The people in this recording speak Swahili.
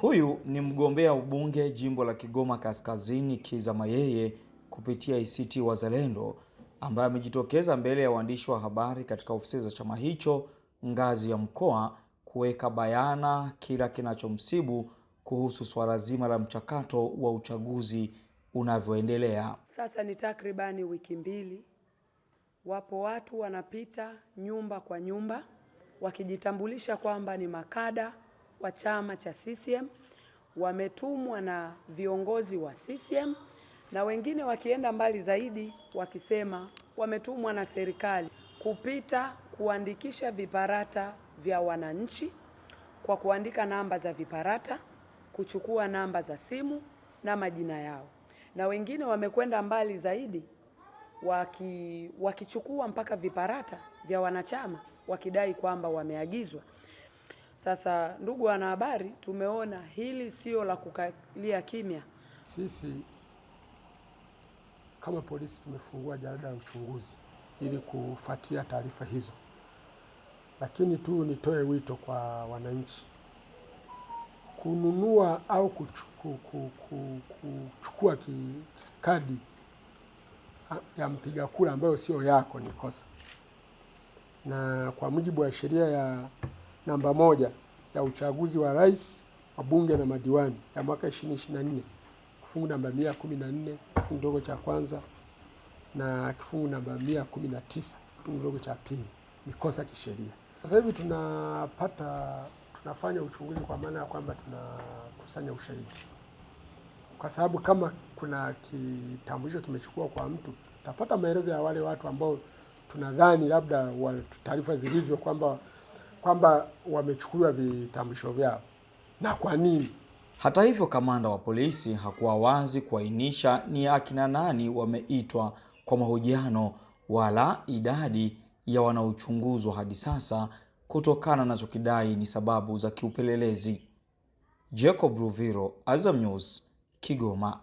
Huyu ni mgombea ubunge jimbo la Kigoma Kaskazini Kizza Mayeye kupitia ACT Wazalendo ambaye amejitokeza mbele ya waandishi wa habari katika ofisi za chama hicho ngazi ya mkoa kuweka bayana kila kinachomsibu kuhusu swala zima la mchakato wa uchaguzi unavyoendelea. Sasa ni takribani wiki mbili, wapo watu wanapita nyumba kwa nyumba wakijitambulisha kwamba ni makada wa chama cha CCM wametumwa na viongozi wa CCM na wengine wakienda mbali zaidi wakisema wametumwa na serikali kupita kuandikisha viparata vya wananchi kwa kuandika namba za viparata, kuchukua namba za simu na majina yao, na wengine wamekwenda mbali zaidi waki, wakichukua mpaka viparata vya wanachama wakidai kwamba wameagizwa. Sasa ndugu wanahabari, tumeona hili sio la kukalia kimya. Sisi kama polisi tumefungua jarada la uchunguzi ili kufuatia taarifa hizo, lakini tu nitoe wito kwa wananchi kununua au kuchukua kikadi ya mpiga kura ambayo sio yako ni kosa, na kwa mujibu wa sheria ya namba moja ya uchaguzi wa rais, wa bunge na madiwani ya mwaka 2024 kifungu namba 114 kifungu kidogo cha kwanza na kifungu namba 119 kifungu kidogo cha pili ni kosa kisheria. Sasa hivi tunapata tunafanya uchunguzi kwa maana ya kwamba tunakusanya ushahidi, kwa sababu kama kuna kitambulisho kimechukua kwa mtu, tutapata maelezo ya wale watu ambao tunadhani labda taarifa zilivyo kwamba kwamba wamechukuliwa vitambulisho vyao na kwa nini. Hata hivyo, kamanda wa polisi hakuwa wazi kuainisha ni akina nani wameitwa kwa mahojiano wala idadi ya wanaochunguzwa hadi sasa, kutokana anachokidai ni sababu za kiupelelezi. Jacob Ruviro, Azam News, Kigoma.